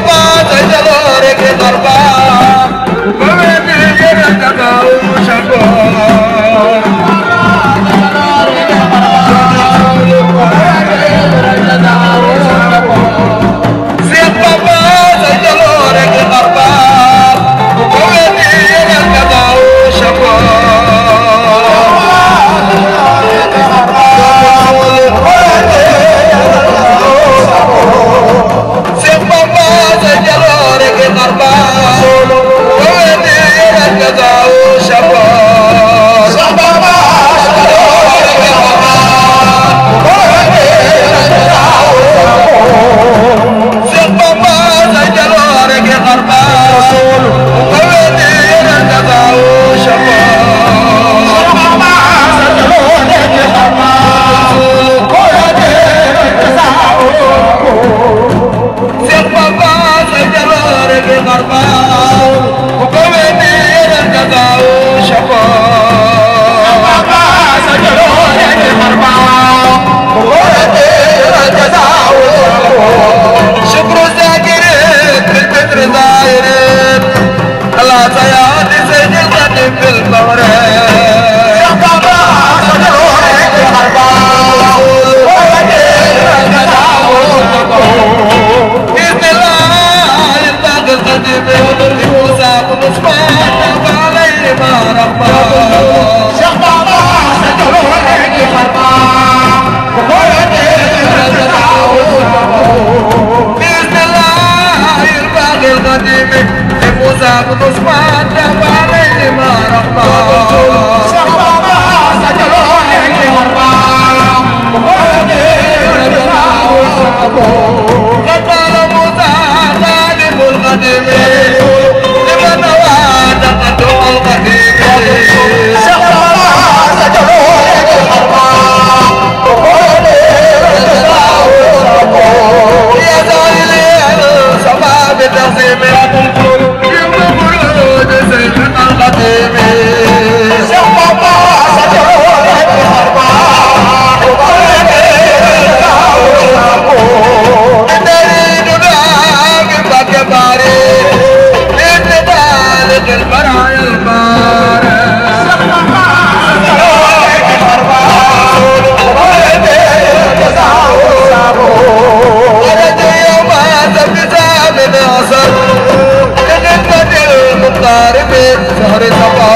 चलो दरबार de mim, recusado dos quatro ঘরে যাওয়া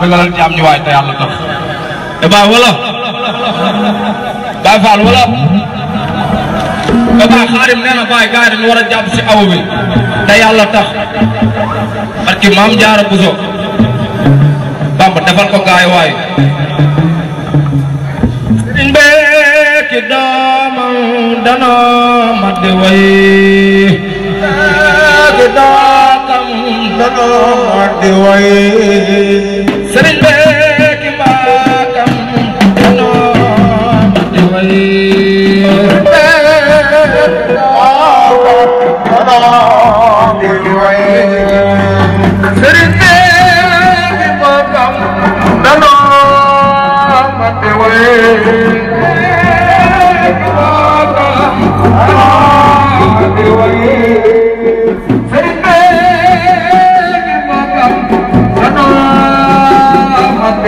bëggalal jaam ñi waay te yàlla tax te baa wala Baay Faal wala a jàpp si aw bi te yàlla tax parce que maam jaara buso Bamba defal Shri मतमई हराम देव श्रीनो मदव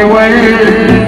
away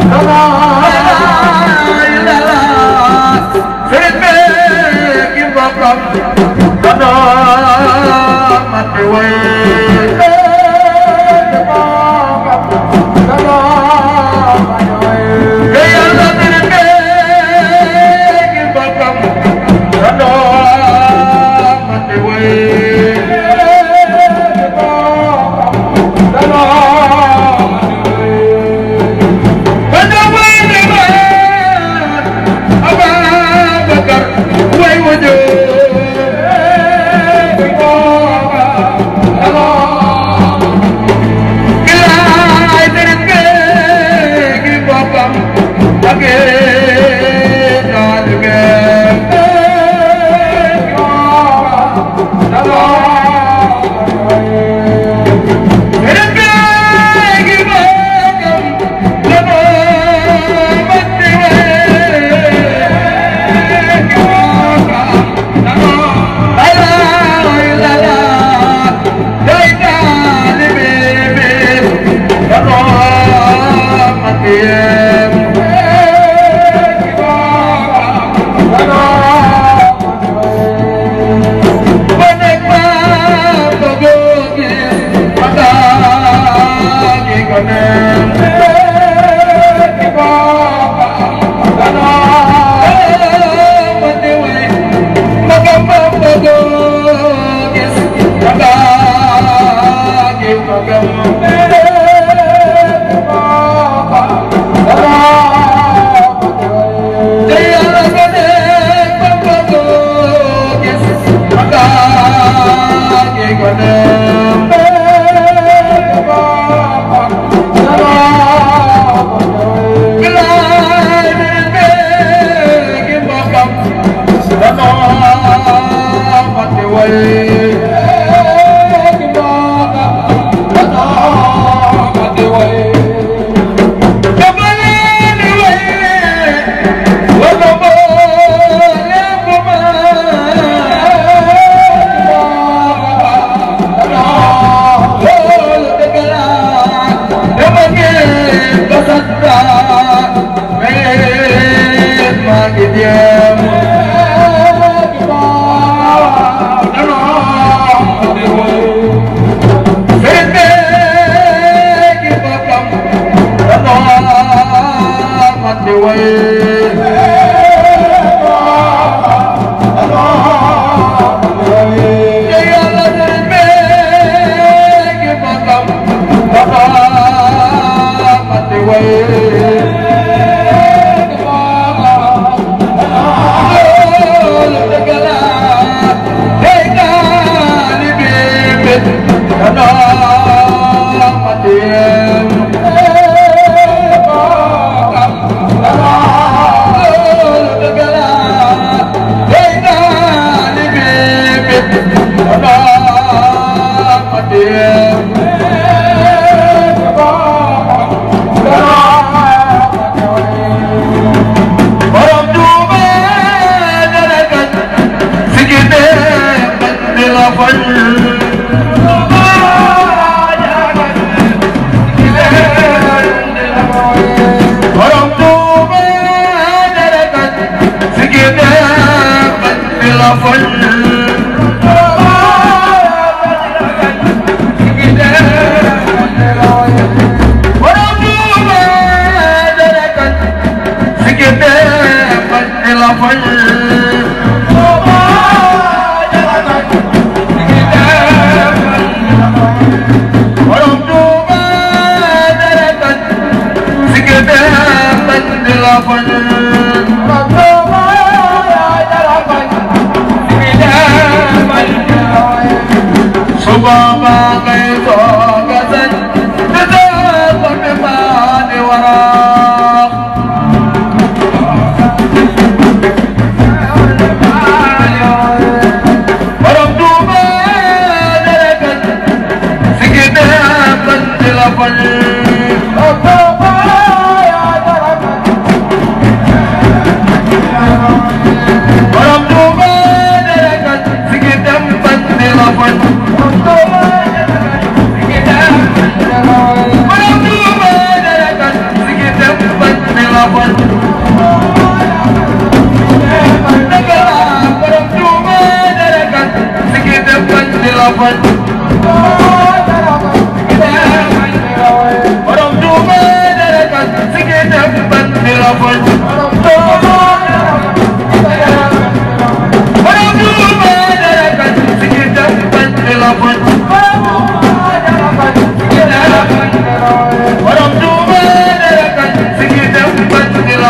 Come on, my way.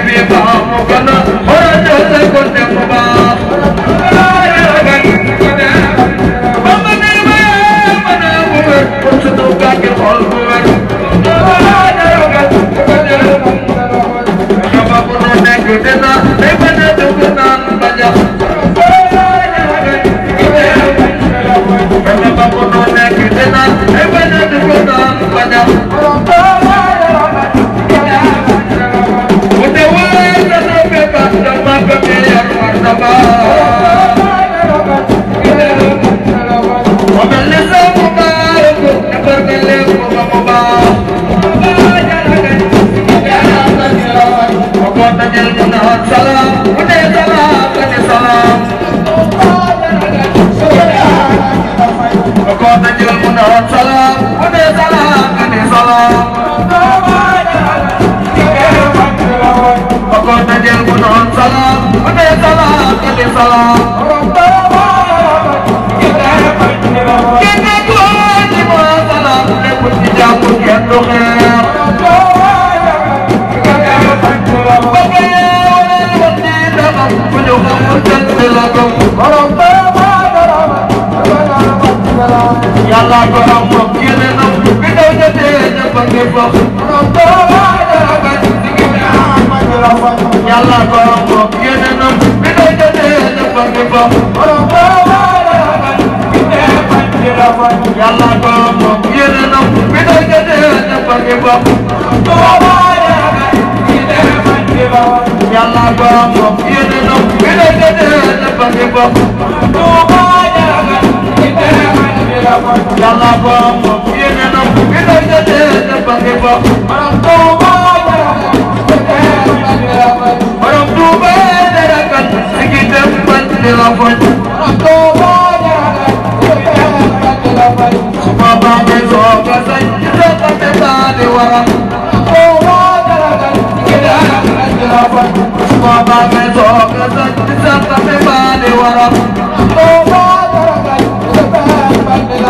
Be بدل منها السلام ونهي سلام ونهي سلام وقال بدل منها السلام ونهي سلام ونهي سلام وقال بدل منها السلام ونهي سلام ونهي سلام Yalla go, yalla go, yalla go, yalla go, yalla go, yalla go, Yàlla ba mo yene no ke do de de de ba ke ba maram ko ba maram tu ba de ra kan sikite ban de la fon maram ko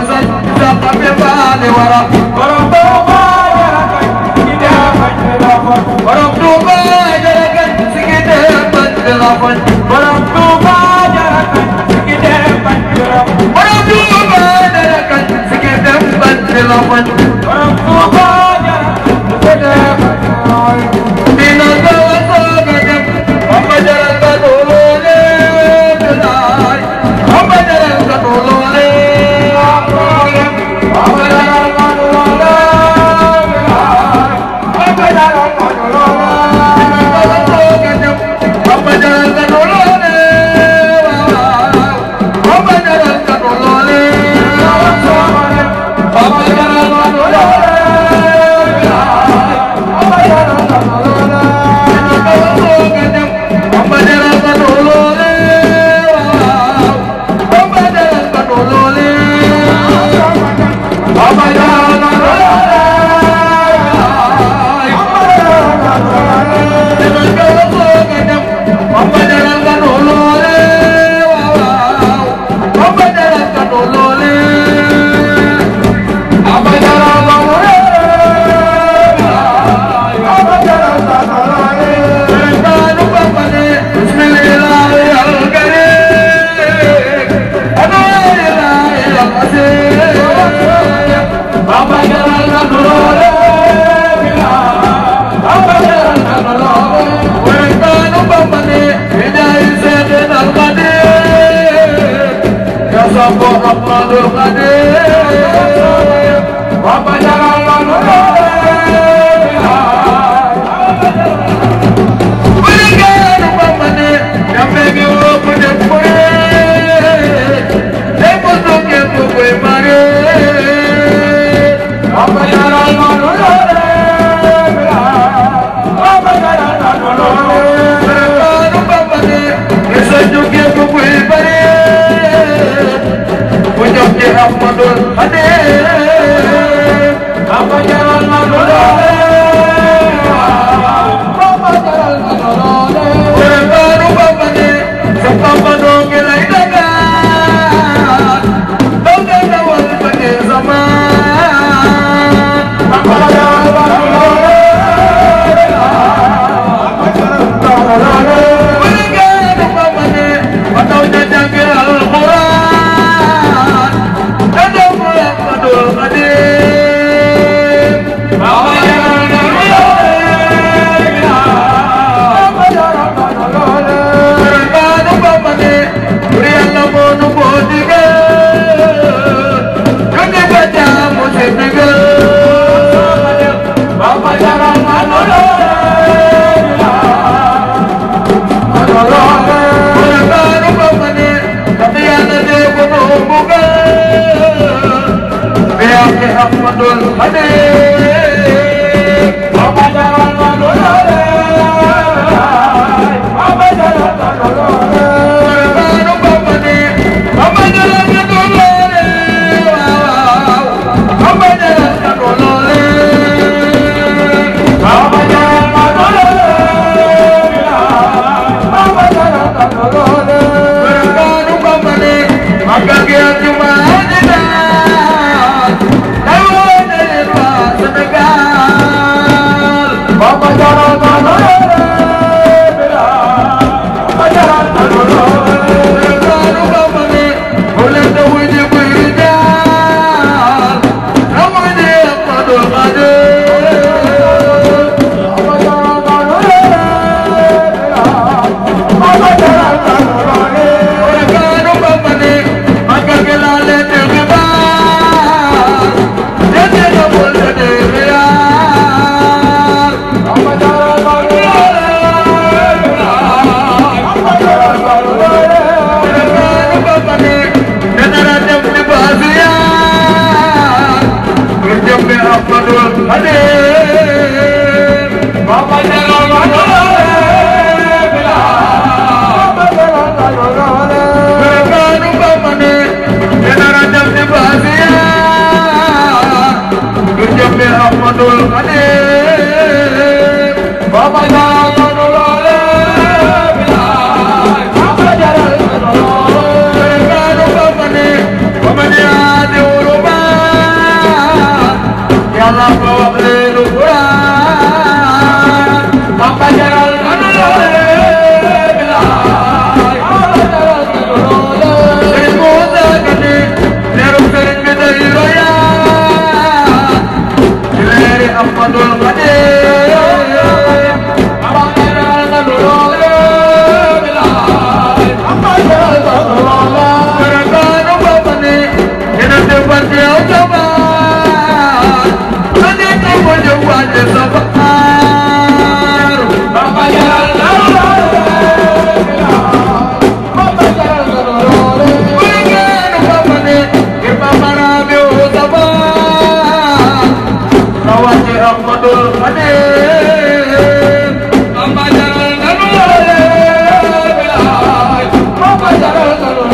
wasan saka be bane wara ba yara kay ni da fajj da ba yara Hare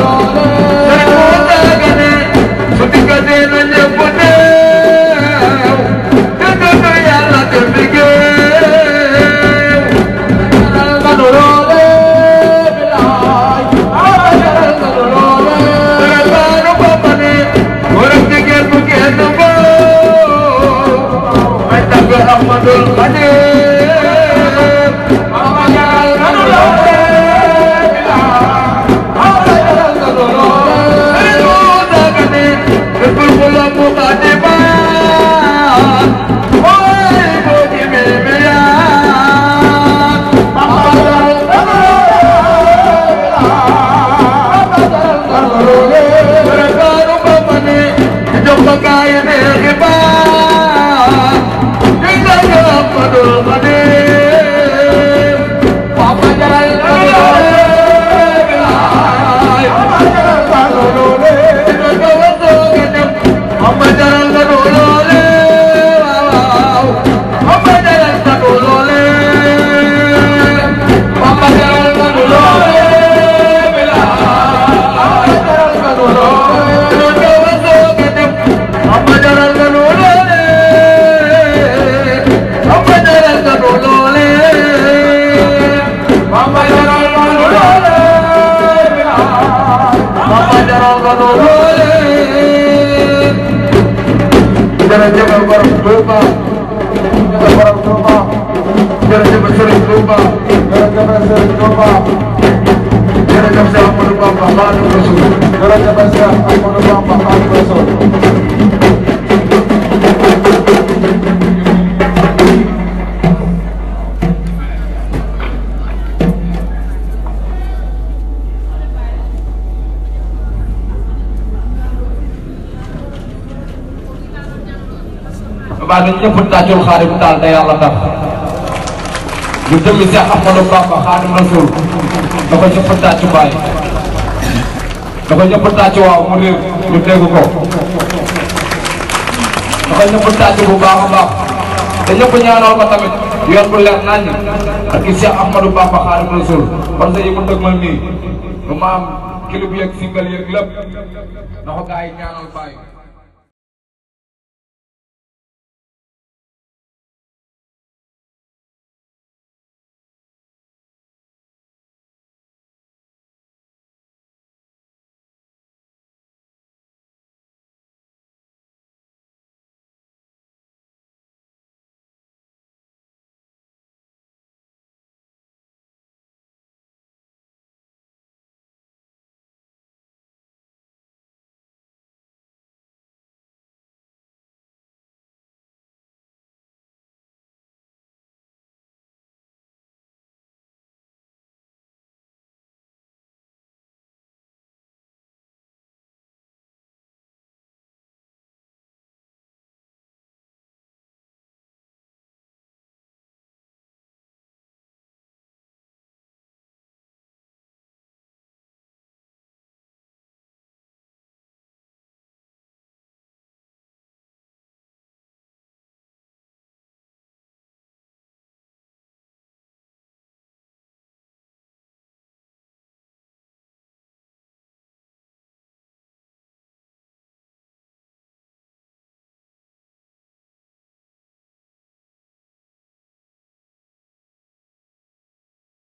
Lord. maa ngi ñëpp tàccul xaadim taal da Ahmadu Bamba xaadim rasul da ko ñëpp tàccu bàyyi da ko ñëpp tàccu waaw mu réer ñu dégg ko da ko ñëpp Ahmadu Bamba xaadim rasul kon sa yi mu dëgmal nii du ma am kilib yeeg singal